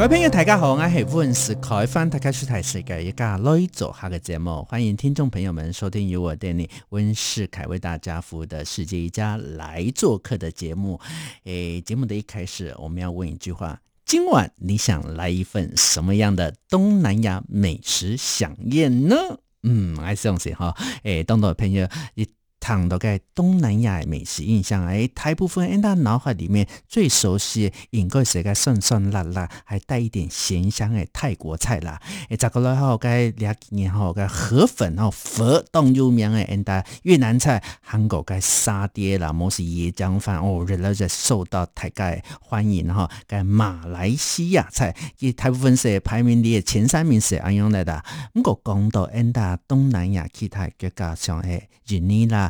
各位朋友，大家好，我係温世凱翻，大家出台食嘅一家來做客的節目，歡迎聽眾朋友們收聽由我哋呢温世凱為大家服務的世界一家來做客嘅節目。誒，節目的一開始，我們要問一句話：今晚你想來一份什麼樣的東南亞美食飨宴呢？嗯，係宋姐哈，誒，東東嘅朋友，你。談到個東南亞美食印象，哎，大部分哎，咱腦海裏面最熟悉應該是個酸酸辣辣，還帶一點鹹香誒泰國菜啦。哎，再過來好個兩幾年好個河粉，然，哦，佛當有名誒，嘅，哎，越南菜、韓國個沙爹啦，莫是椰漿飯哦，然後就受到大家歡迎哈。該，哦，馬來西亞菜，也大部分是排名列前三名是安樣來噠。咁我講到哎，咱東南亞其他國家上嘅印尼啦。